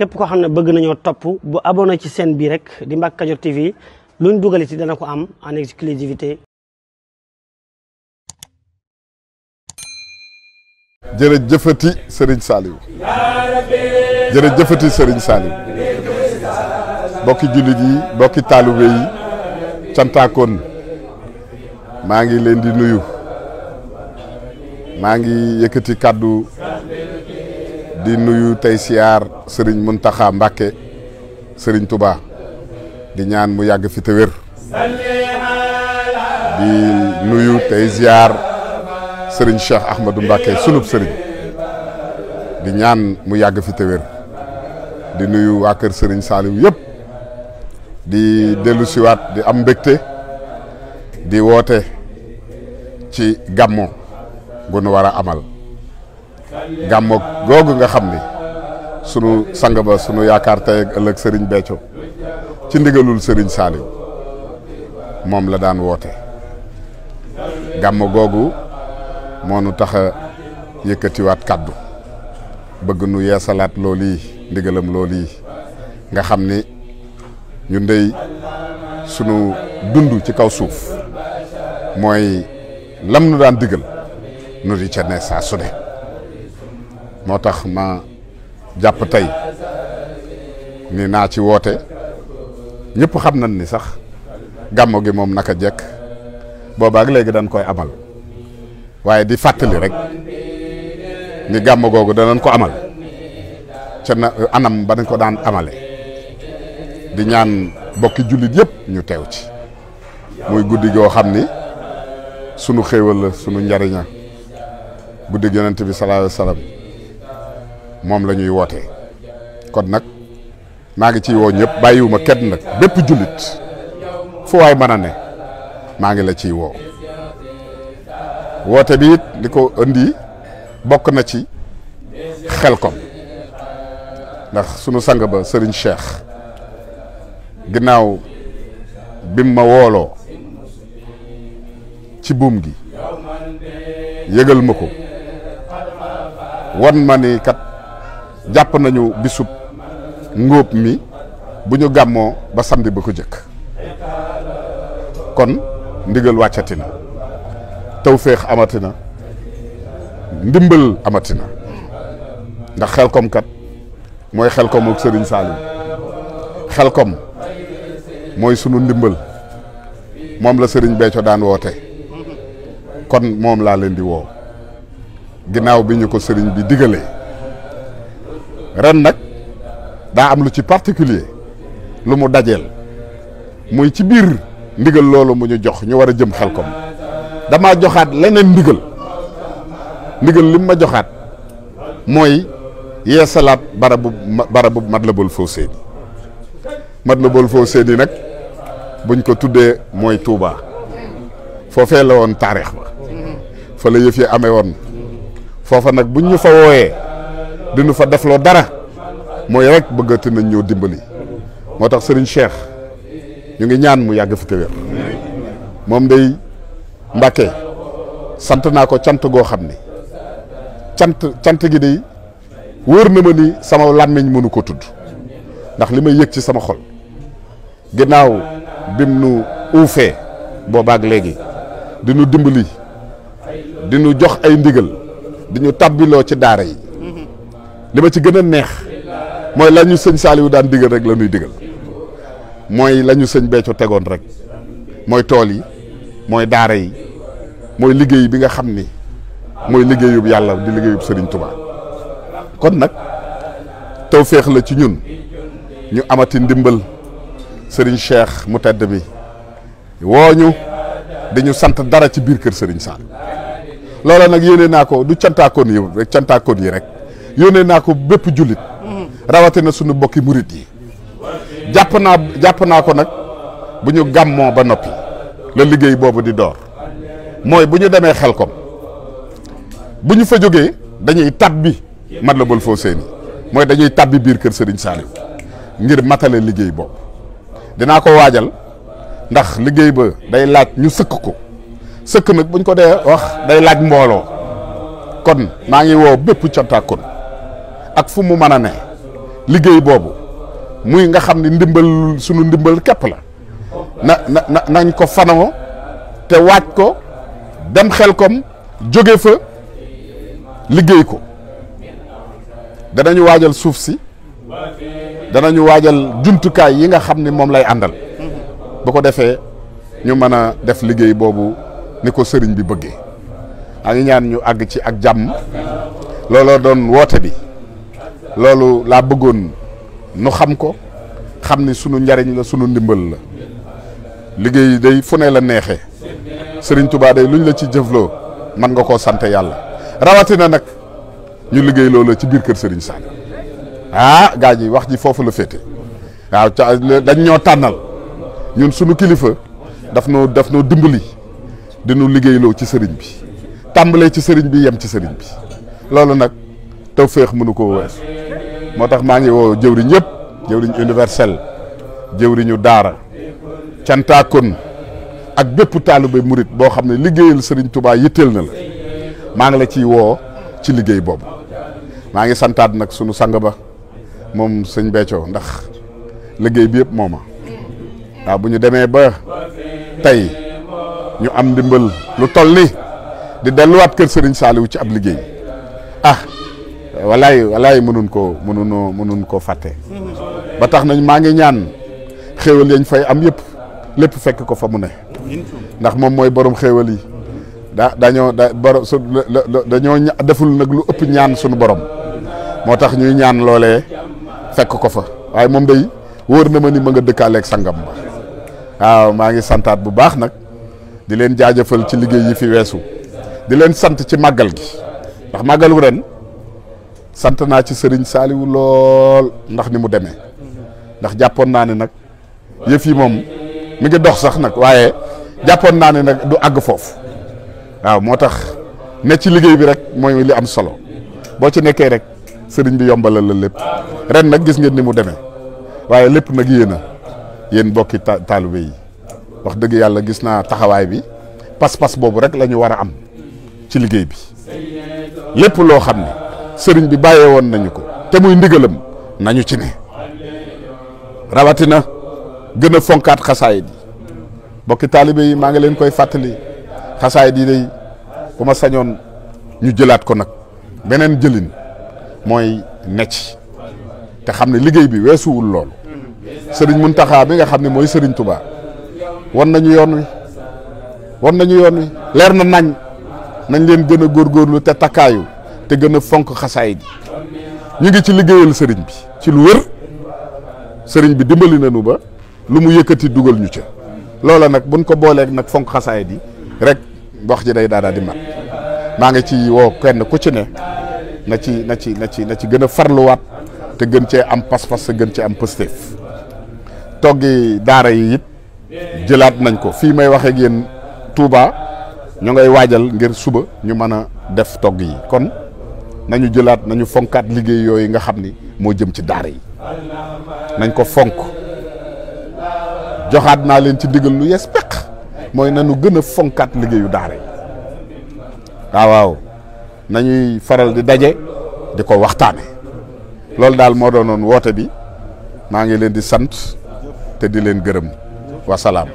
képp koo xam ne bëgg nañoo topp bu abonné ci seen bi rek di Mbacke Kadior TV luñ dugal ci dana ko am en exclusivité jërëjëfati Serigne Saliou jërëjëfati Serigne Saliou bokki jullit yi bokki taalibe yi cantaakoon maa ngi leen di nuyu maa ngi yëkkati kàddu di nuyu tey siyaar sëriñ Muntaxa mbakke sëriñ Touba di ñaan mu yàgg fi te di nuyu tey ziar sëriñ Cheikh Ahmadou Mbàkke sunub sëriñ di ñaan mu yàgg fi te di nuyu waa sëriñ saalim yëpp di dellu siwaat di am mbégte di woote ci gàmmo gu nu amal gàmmoog googu nga xam ni sunu sanga ba sunu yaakaar tey ëllëg sëriñ Béthio ci ndigalul sëriñ Saliou moom la daan woote gàmm googu moo nu tax a yëkkatiwaat kàddu bëgg nu yeesalaat loolu yi ndigalam loolu yi nga xam ni ñu dey sunu dund ci kaw suuf mooy lam nu daan digal nu di ca saa su moo tax ma jàpp tey ni naa ci woote ñëpp xam nañ ni sax gàmmo gi moom naka jekk boobaak léegi dañ koy amal waaye di fàttali rek ni gàmmo googu danañ ko amal ca na anam ba dañ ko daan amale di ñaan bokki jullit yëpp ñu teew ci muy guddi goo xam ni sunu xéewal la sunu njariña guddi yonent bi sallallahu alayhi wasallam moom lañuy woote kon nag maa ngi ciy woo ñëpp bàyyiwuma kenn nag bépp jullit fu waay mën a ne maa ngi la ci woo woote bi it ko indi bokk na ci xel xelkom ndax sunu sang ba Serigne Cheikh ginnaaw bim ma wooloo ci buum gi yëgal ma ko wan ma ni kat. jàpp nañu bisub ngóob mi bu ñu gàmmoo ba samedi ba ko jëkk kon ndigal wàccati na tawféex amati na ndimbal amati na ndax xelkom kat mooy xelkom ak Serigne xel kom mooy sunu ndimbal moom la Serigne Béthio daan woote kon moom laa leen di woo ginnaaw bi ñu ko Serigne bi digalee ren nag daa am lu ci particulier lu mu dajeel muy ci biir ndigal loolu mu ñu jox ñu war a jëm xelkom dama joxaat leneen ndigal ndigal li mu ma joxaat mooy yeesalaat barabu barabu Matlaboul Fawzeyni Matlaboul Fawzeyni nag buñ ko tuddee mooy Touba foofee la woon taarix ba fa la yëf yi amee woon foofa nag buñ ñu fa wooyee dinu fa defloo dara mooy rek bëggati nañ ñëw dimbali moo tax sëriñ Cheikh ñu ngi ñaan mu yàgg fi te moom day Mbàkke sant naa ko cant goo xam ni cant cant gi day wóor na ma ni sama làmmiñ mënu ko tudd ndax li may yëg ci sama xol ginnaaw bim nu uufee boobaak léegi di nu dimbali di nu jox ay ndigal di ñu tàbbiloo ci daara yi li ma ci gën a neex mooy la ñu sëñ Saaliwu daan digal rek la ñuy digal mooy lañu ñu sëñ Béthio tegoon rek mooy tool yi mooy daara yi mooy liggéey bi nga xam ni mooy liggéeyub yàlla di liggéeyub sëriñ Touba kon nag tawféex la ci ñun ñu amati ndimbal sëriñ Cheikh mu tedd bi wooñu di ñu sant dara ci biir kër sëriñ Saaliw loola nag yéene naa ko du cantaakoon yi rek cantaakoon yi rek yónnee naa ko bépp jullit rawatina suñu mbokki murit yi jàpp naa jàpp naa ko nag bu ñu gàmmoo ba noppi la liggéey boobu di door mooy bu ñu demee xel xelkom bu ñu fa jógee dañuy tàbbi Matlaboul Fawzeyni mooy dañuy tàbbi biir kër Serigne Saliou ngir matale liggéey boobu dinaa ko waajal ndax liggéey ba day laaj ñu sëkk ko sëkk nag buñ ko dee wax day laaj mbooloo kon maa ngi woo bépp cantaakon ak fu mu mën a ne liggéey boobu muy nga xam ni ndimbal suñu ndimbal képp la na na nañ ko fanoo te waaj ko dem xel koom jóge fa liggéey ko danañu waajal suuf si danañu waajal jumtukaay yi nga xam ni moom lay àndal bu ko defee ñu mën a def liggéey boobu ni ko sëriñ bi bëgge a ngi ñaan ñu àgg ci ak jàmm looloo doon woote bi loolu laa bëggoon nu xam ko xam ni sunu njariñ la sunu ndimbal la liggéey day fu ne la neexee Sëriñ Tuubaa day luñ la ci jëfloo man nga koo sante yàlla rawatina nag ñu liggéey loola ci biir kër Sëriñ Sall ah gaa ñi wax ji foofu la féete waaw ca dañ ñoo tànnal ñun sunu kilifa daf noo daf noo dimbali dinu liggéeyloo ci sëriñ bi tàmbalee ci sëriñ bi yem ci sëriñ bi loolu nag tawféex mënu koo wees moo tax maa ngi woo jëwriñ ñëpp jëwriñ universel jëwriñu daara cantaakon ak bépp taalu taalibe murit boo xam ne liggéeyal sëriñ Touba yitteel na la maa ngi la ciy woo ci liggéey boobu maa ngi santaat nag sunu sang ba moom sëñ Béthio ndax liggéey bi yëpp mooma waaw bu ñu demee ba tey ñu am ndimbal lu toll ni di delluwaat kër sëriñ Saliou ci ab liggéey ah, walaay walaay mënuñ koo mënuñoo mënuñ koo fàtte ba tax nañ maa ngi ñaan xéewal yañ fay am yëpp lépp fekk ko fa mu ne ndax moom mooy borom xéewal yi da dañoo da borom su dañoo deful nag lu ëpp ñaan suñu borom moo tax ñuy ñaan loole fekk ko fa waaye moom day wóor na ma ni ma nga dëkkaaleeg sangam ba waaw maa ngi santaat bu baax nag di leen jaajëfal ci liggéey yi fi weesu di leen sant ci màggal gi ndax màggalu ren sant naa ci sëriñ saaliwu lool ndax ni mu deme ndax jàppoon naa ne nag yëf yi moom mu ngi dox sax nag waaye jàppoon naa ne nag du àgg foofu waaw moo tax ne ci liggéey bi rek mooy li am solo boo ci nekkee rek sëriñ bi yombalal la lépp ren nag gis ngeen ni mu demee waaye lépp nag yéen a yéen bokki taalibe yi wax dëgg yàlla gis naa taxawaay bi pas-pas boobu rek la ñu war a am ci liggéey bi lépp loo xam ne sëriñ bi bàyyee woon nañu ko te muy ndigalam nañu ci ne rawatina gën a fonkaat xasaayit yi bokki taalibe maa ngi leen koy fàttali xasaay yi day bu ma sañoon ñu jëlaat ko nag beneen jëlin mooy necc te xam ne liggéey bi weesuwul loolu sëriñ taxaa bi nga xam ne mooy sëriñ Tuubaa wan nañu yoon wi wan nañu yoon wi leer na nañ nañ leen gën a góorgóorlu te takkaayu te gën a fonk xasaay ji ñu ngi ci liggéeyal sëriñ bi ci lu wër sëriñ bi dimbali nanu ba lu mu yëkkati dugal ñu ca loola nag buñ ko booleeg nag fonk xasaay ji rek wax ji day daal di mat maa ngi ci woo kenn ku ci ne na ci na ci na ci na ci gën a farluwaat te gën cee am pas-pas te gën cee am pëstéef toggi daara yi it jëlaat nañ ko fii may waxee ak yéen Touba ñu ngay waajal ngir suba ñu mën a def togg yi kon nañu jëlaat nañu fonkaat liggéey yooyu nga xam ni moo jëm ci daara yi nañ ko fonk joxaat naa leen ci digal lu yees peq mooy nañu gën a fonkaat liggéeyu daara yi waaw waaw nañuy faral di daje di ko waxtaane loolu daal moo doonoon woote bi maa ngi leen di sant te di leen gërëm wasalaam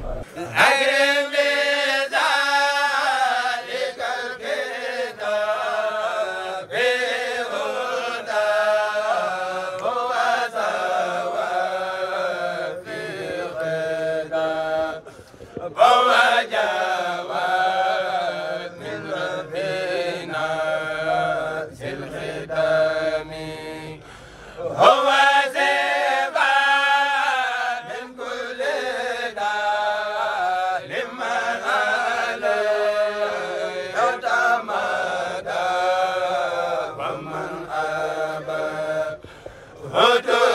hada